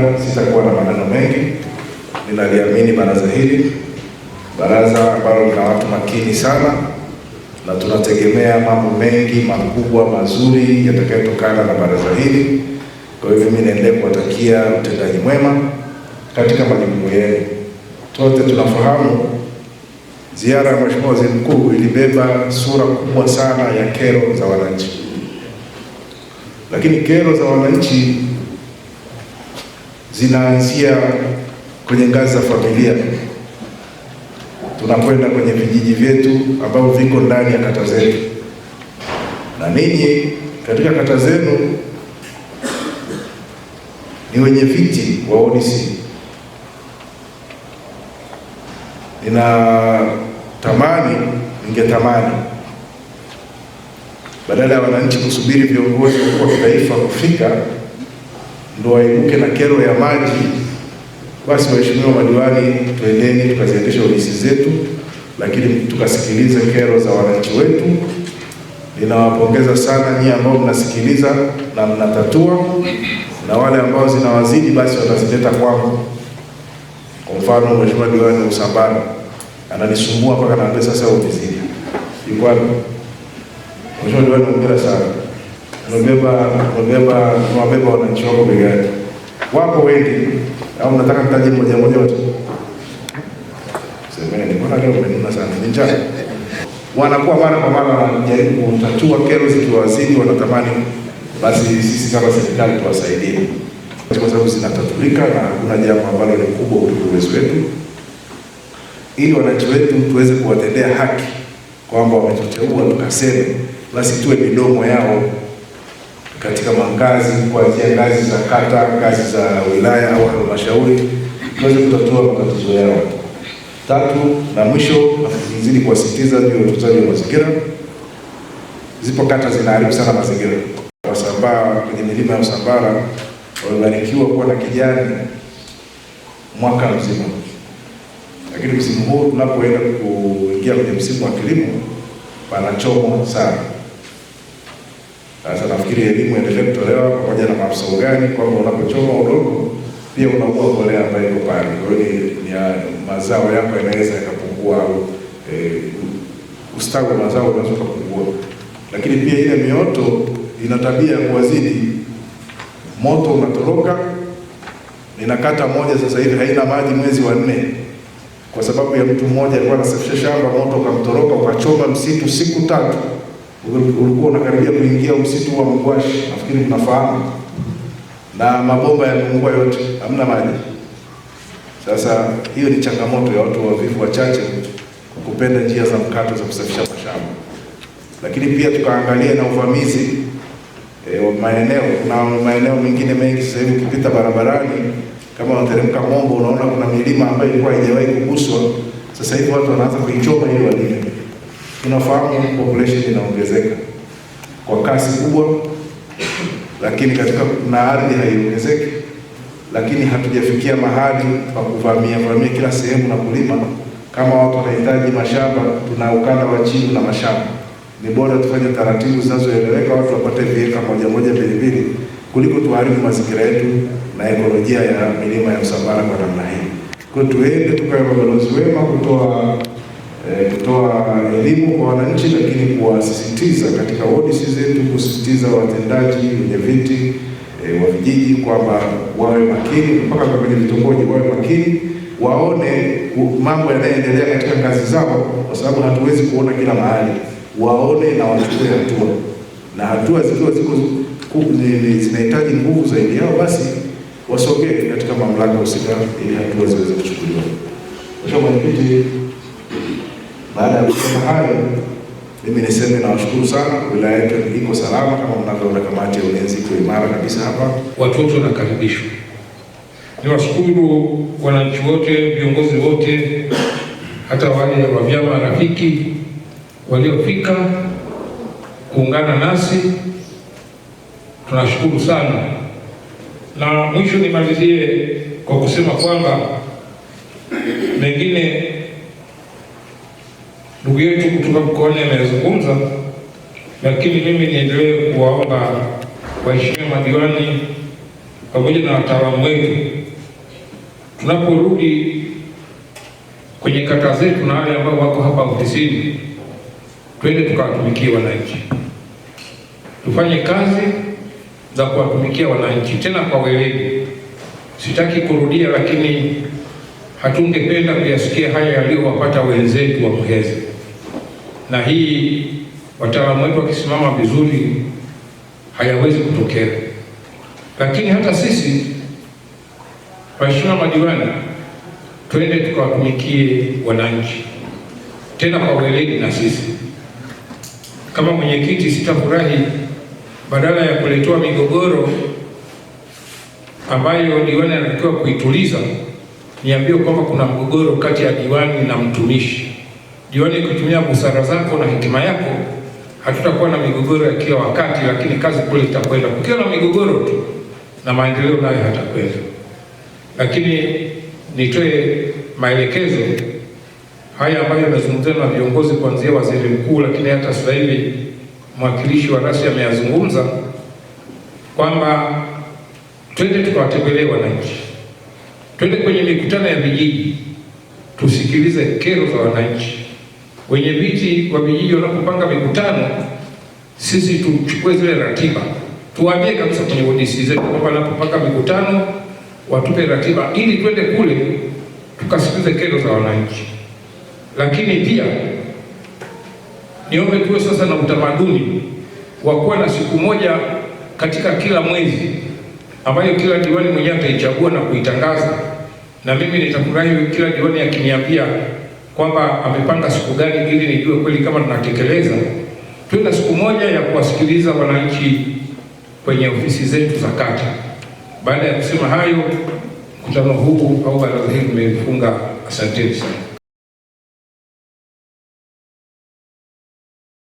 muda, sitakuwa na maneno mengi. Ninaliamini baraza hili, baraza ambalo lina watu makini sana, na tunategemea mambo mengi makubwa mazuri yatakayotokana na baraza hili. Kwa hivyo mimi naendelea kuwatakia utendaji mwema katika majukumu yenu. Sote tunafahamu ziara ya Mheshimiwa Waziri Mkuu ilibeba sura kubwa sana ya kero za wananchi, lakini kero za wananchi zinaanzia kwenye ngazi za familia, tunakwenda kwenye vijiji vyetu ambavyo viko ndani ya kata zetu, na ninyi katika kata zenu ni wenye viti wa ODC. Ninatamani, ningetamani badala ya wananchi kusubiri viongozi wa kitaifa kufika ndo waibuke na kero ya maji, basi waheshimiwa madiwani, twendeni tukaziendesha ofisi zetu, lakini tukasikilize kero za wananchi wetu. Ninawapongeza sana nyie ambao mnasikiliza na mnatatua, na wale ambao zinawazidi basi watazileta kwangu. Kwa mfano, mheshimiwa diwani usambano ananisumbua mpaka naambia sasa ofisini, yuko Mheshimiwa diwani, hongera sana wamebeba wananchi wako begani. Wapo wengi, au nataka mtaje mmoja mmoja wote? Semeni, mbona leo mmenuna sana? Ni njaa. Wanakuwa mara kwa mara wanajaribu kutatua kero zikiwazidi, wanatamani basi sisi kama serikali tuwasaidie, kwa sababu zinatatulika na kuna jambo ambalo ni kubwa kuliko uwezo wetu, ili wananchi wetu tuweze kuwatendea haki kwamba wametuteua tukaseme, basi tuwe midomo yao katika mangazi kuanzia ngazi za kata, ngazi za wilaya au halmashauri, tuweze kutatua matatizo yao. Tatu na mwisho, nazidi kuwasisitiza juu ya utunzaji wa mazingira. Zipo kata zinaharibu sana mazingira. Wasambaa kwenye milima ya Usambara wamebarikiwa kuwa na kijani mwaka mzima, lakini msimu huu tunapoenda kuingia kwenye msimu wa kilimo panachomwa sana. Ah, sasa nafikiri elimu endelee kutolewa pamoja na maafisa ugani kwamba unapochoma udongo pia unaua mbolea ambayo iko pale. Kwa hiyo ni mazao yako yanaweza yakapungua au e, ustawi wa mazao unaweza kupungua. Lakini pia ile mioto ina tabia ya kuwazidi moto, unatoroka. Ninakata moja sasa hivi haina maji mwezi wa nne kwa sababu ya mtu mmoja alikuwa anasafisha shamba, moto ukamtoroka ukachoma msitu siku tatu ulikuwa unakaribia kuingia msitu wa Mgwashi, nafikiri mnafahamu, na mabomba yamemungua yote, hamna maji. Sasa hiyo ni changamoto ya watu wavivu wachache kupenda njia za mkato za kusafisha mashamba, lakini pia tukaangalia na uvamizi e, maeneo na maeneo mengine mengi. Sasa hivi ukipita barabarani kama wanateremka Mombo, unaona kuna milima ambayo ilikuwa haijawahi kuguswa, sasa hivi watu wanaanza kuichoma ili walime Tunafahamu hii population inaongezeka kwa kasi kubwa, lakini katika na ardhi haiongezeki, lakini hatujafikia mahali pa kuvamia vamia kila sehemu na kulima. Kama watu wanahitaji mashamba, tuna ukanda wa chini na mashamba. Ni bora tufanye taratibu zinazoeleweka, watu wapate vieka moja moja mbili mbili, kuliko tuharibu mazingira yetu na ekolojia ya milima ya Usambara kwa namna hii. Kwa tuende tukawe mabalozi wema kutoa Eh, kutoa eh, elimu kwa wananchi, lakini kuwasisitiza katika wodi zetu, kusisitiza watendaji wenye viti e, eh, wa vijiji kwamba wawe makini, mpaka kwenye vitongoji wawe makini, waone mambo yanayoendelea katika ngazi zao, kwa sababu hatuwezi kuona kila mahali. Waone na wachukue hatua, na hatua zikiwa ziko zinahitaji nguvu zaidi yao, basi wasogee katika mamlaka husika ili hatua ziweze kuchukuliwa. Mheshimiwa Mwenyekiti, baada ya kusema hayo, mimi niseme nawashukuru sana. Wilaya yetu iko salama kama mnavyoona, kamati ya ulinzi iko imara kabisa hapa, watoto nakaribishwa. Niwashukuru wananchi wote, viongozi wote, hata wale wa vyama rafiki waliofika kuungana nasi, tunashukuru sana. Na mwisho nimalizie kwa kusema kwamba mengine ndugu yetu kutoka mkoani amezungumza, lakini mimi niendelee kuwaomba waheshimiwa madiwani pamoja na wataalamu wetu, tunaporudi kwenye kata zetu na wale ambao wako hapa ofisini, twende tukawatumikie wananchi, tufanye kazi za kuwatumikia wananchi, tena kwa weledi. Sitaki kurudia lakini hatungependa kuyasikia haya yaliyowapata wenzetu wa Muheza, na hii wataalamu wetu wakisimama vizuri hayawezi kutokea. Lakini hata sisi waheshimiwa madiwani, twende tukawatumikie wananchi tena kwa weledi. Na sisi kama mwenyekiti, sitafurahi badala ya kuletewa migogoro ambayo diwani anatakiwa kuituliza niambiwe kwamba kuna mgogoro kati ya diwani na mtumishi. Diwani kutumia busara zako na hekima yako, hatutakuwa na migogoro ya kila wakati, lakini kazi kule itakwenda. Kukiwa na migogoro tu na maendeleo nayo hatakwenda. Lakini nitoe maelekezo haya ambayo yamezungumzwa na viongozi kuanzia waziri mkuu, lakini hata sasa hivi mwakilishi wa rasi ameyazungumza kwamba twende tukawatembelea wananchi Twende kwenye mikutano ya vijiji, tusikilize kero za wananchi. Wenye viti wa vijiji wanapopanga mikutano, sisi tuchukue zile ratiba, tuwaambie kabisa kwenye ofisi zetu kwamba wanapopanga mikutano watupe ratiba, ili twende kule tukasikilize kero za wananchi. Lakini pia niombe tuwe sasa na utamaduni wa kuwa na siku moja katika kila mwezi ambayo kila diwani mwenyewe ataichagua na kuitangaza, na mimi nitafurahi kila diwani akiniambia kwamba amepanga siku gani, ili nijue kweli kama tunatekeleza. Tuwe na siku moja ya kuwasikiliza wananchi kwenye ofisi zetu za kata. Baada ya kusema hayo, mkutano huu au baraza hili limefunga. Asanteni sana.